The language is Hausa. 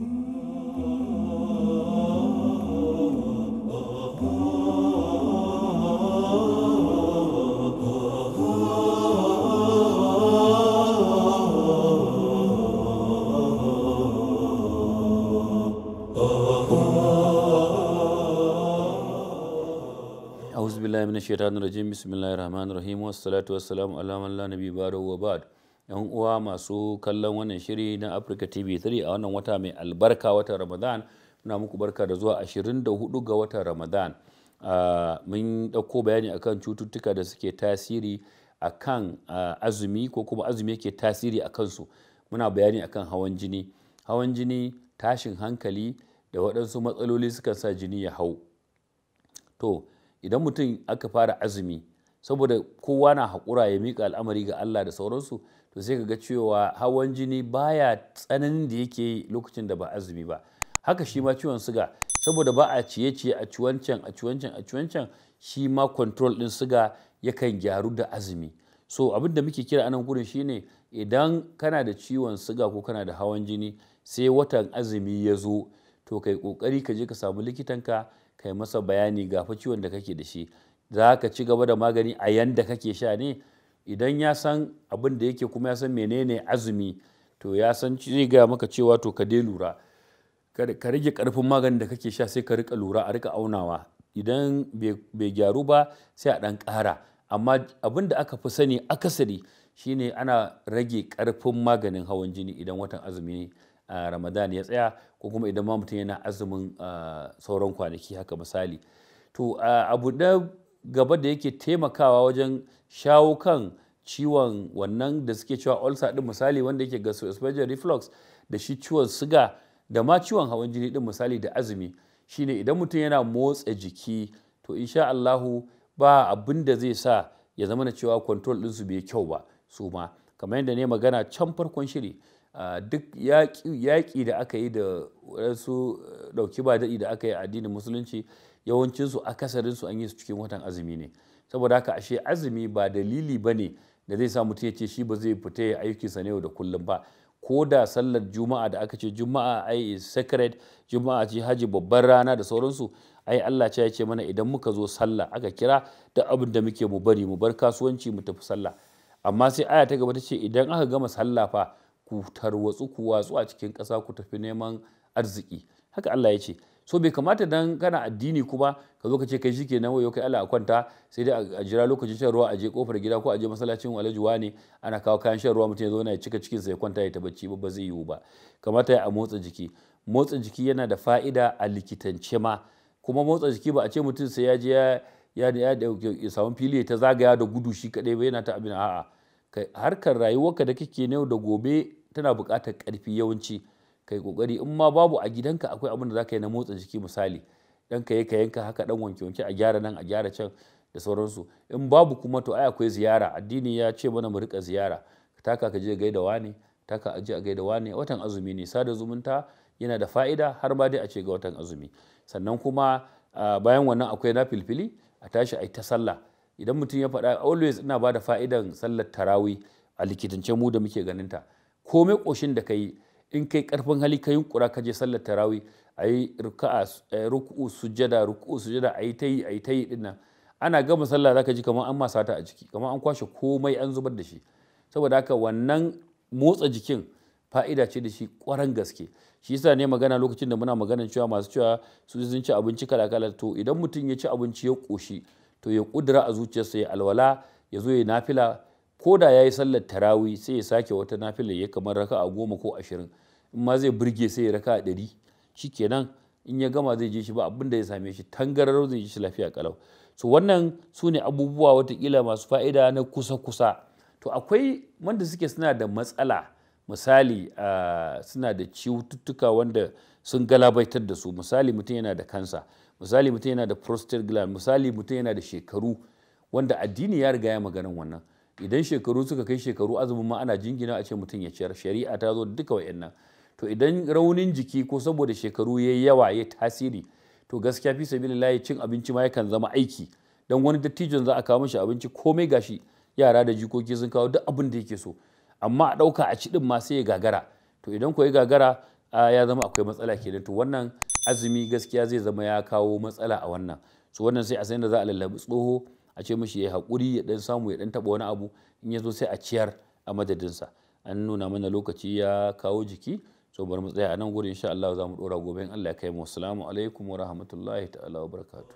أعوذ بالله من الشيطان الرجيم بسم الله الرحمن الرحيم والصلاة والسلام على من لا نبي بعده وبعد 'yan uwa masu kallon wannan shiri na Africa TV 3 a wannan wata mai albarka watan Ramadan muna muku barka da zuwa 24 ga watan Ramadan ah, mun dauko bayani akan cututtuka da suke tasiri akan ah, azumi ko kuma azumi yake tasiri a kansu muna bayani akan hawan jini hawan jini tashin hankali da waɗansu matsaloli sukan sa jini ya hau to idan mutum aka fara azumi saboda kowa na haƙura ya miƙa al'amari ga Allah da sauransu to sai ka ga cewa hawan jini baya tsananin da yake yi lokacin da ba azumi ba haka shi ma ciwon suga saboda ba a ciye ciye a ciwancan a ciwancan a ciwancan shi ma control din suga yakan gyaru da azumi so abin da muke kira anan gurin shine idan kana da ciwon suga ko kana da hawan jini sai watan azumi ya zo to kai kokari ka je ka samu likitanka kai masa bayani ga fa ciwon da kake da shi za ka ci gaba da magani a yanda kake sha ne idan ya san abin da yake kuma ya san menene azumi to ya san zai gaya maka cewa to ka dai lura ka rage karfin maganin da kake sha sai ka rika lura a rika aunawa idan bai gyaru ba sai a dan ƙara amma abin da aka fi sani akasari shine ana rage karfin maganin hawan jini idan watan azumi a ramadan ya tsaya ko kuma idan ma mutum yana azumin sauran kwanaki haka misali to abu da gaba da yake taimakawa wajen shawo kan ciwon wannan da suke cewa ulcer din misali wanda yake esophageal reflux da shi ciwon siga da ma ciwon hawan jini din misali da azumi shine idan mutum yana motsa jiki to insha Allahu ba abin da zai sa ya zama na cewa control su bai kyau ba su ma kamar yadda ne magana can farkon shiri duk yaƙi da aka yi da wasu eh, ɗauki ba daɗi da aka yi a addinin musulunci yawancinsu akasarinsu an yi su cikin watan azumi ne saboda haka ashe azumi ba dalili ba ne da zai sa mutum ya ce shi ba zai fita ya aikinsa ne yau da kullum ba ko da sallar juma'a da aka ce juma'a ai sacred juma'a ce haji babban rana da sauransu ai Allah ya ce mana idan muka zo sallah aka kira da abin da muke mu bari mu bar kasuwanci mu tafi sallah amma sai aya ta gaba ta ce idan aka gama sallah fa ku tarwatsu ku watsu a cikin ƙasa ku tafi neman arziki haka Allah ya ce so bai kamata dan kana addini kuma ka zo ka ce kai shike nan wayo kai Allah a kwanta sai dai a jira lokacin shan ruwa a je kofar gida ko a je masallacin walajuwa ne ana kawo kayan shan ruwa mutum ya zo yana cika cikin sa ya kwanta ya tabacci ba zai yiwu ba kamata ya a motsa jiki motsa jiki yana da fa'ida a likitance ma kuma motsa jiki ba a ce mutum sai ya je ya ya samu fili ta zagaya da gudu shi kadai ba yana ta abin a'a harkar rayuwarka da kake ne da gobe tana buƙatar ƙarfi yawanci kai ƙoƙari in ma babu a gidanka akwai abin da za ka yi na motsa jiki misali dan ka yi ka yanka haka dan wanke wanke a gyara nan a gyara can da sauransu in babu kuma to ai akwai ziyara addini ya ce mana mu rika ziyara taka ka je gaida wane taka a je a gaida wane watan azumi ne sada zumunta yana da fa'ida har ma dai a ce ga watan azumi sannan kuma bayan wannan akwai na filfili a tashi a yi ta sallah idan mutum ya faɗa always ina ba da fa'idan sallar tarawi a likitance mu da muke ganin ta komai ƙoshin da ka yi in kai ƙarfin hali ka yunkura ka je sallar tarawi a yi ruku'u sujada ruku'u sujada a yi ta yi a yi ta yi dinnan ana gama sallah za ka ji kamar an masa ta a ciki kamar an kwashe komai an zubar da shi saboda haka wannan motsa jikin fa'ida ce da shi ƙwaran gaske shi yasa ne magana lokacin da muna magana cewa masu cewa su sun ci abinci kala kala to idan mutum ya ci abinci ya ƙoshi to ya ƙudura a zuciyarsa ya alwala ya zo ya nafila ko da ya yi sallar tarawi sai ya sake wata nafilar ya kamar raka a goma ko ashirin in ma zai burge sai ya raka a ɗari shi kenan in ya gama zai je shi ba abin ya same shi tangararau zai ji shi lafiya kalau wannan su ne abubuwa watakila masu fa'ida na kusa-kusa to akwai wanda suke suna da matsala misali suna da ciwututtuka wanda sun galabaitar da su misali mutum yana da kansa misali mutum yana da prostate gland misali mutum yana da shekaru wanda addini ya riga ya maganin wannan idan shekaru suka kai shekaru azumin ma ana jingina a ce mutum ya ciyar shari'a ta zo duka nan to idan raunin jiki ko saboda shekaru ya yawa ya tasiri to gaskiya fi layi cin abinci ma yakan zama aiki dan wani dattijon za a kawo mashi abinci komai gashi yara da jikoki sun kawo duk abin da yake so amma a ɗauka a ci ɗin ma sai ya gagara to idan ko ya gagara ya zama akwai matsala kenan to wannan azumi gaskiya zai zama ya kawo matsala a wannan so wannan sai a san da za a lallabi tsoho a ce mishi ya yi haƙuri ya ɗan samu ya ɗan taɓa wani abu in ya zo sai a ciyar a madadinsa an nuna mana lokaci ya kawo jiki so bari mu tsaya a nan gurin insha Allah za mu ɗora gobe in Allah ya kai mu assalamu alaikum wa rahmatullahi ta'ala wa barakatuh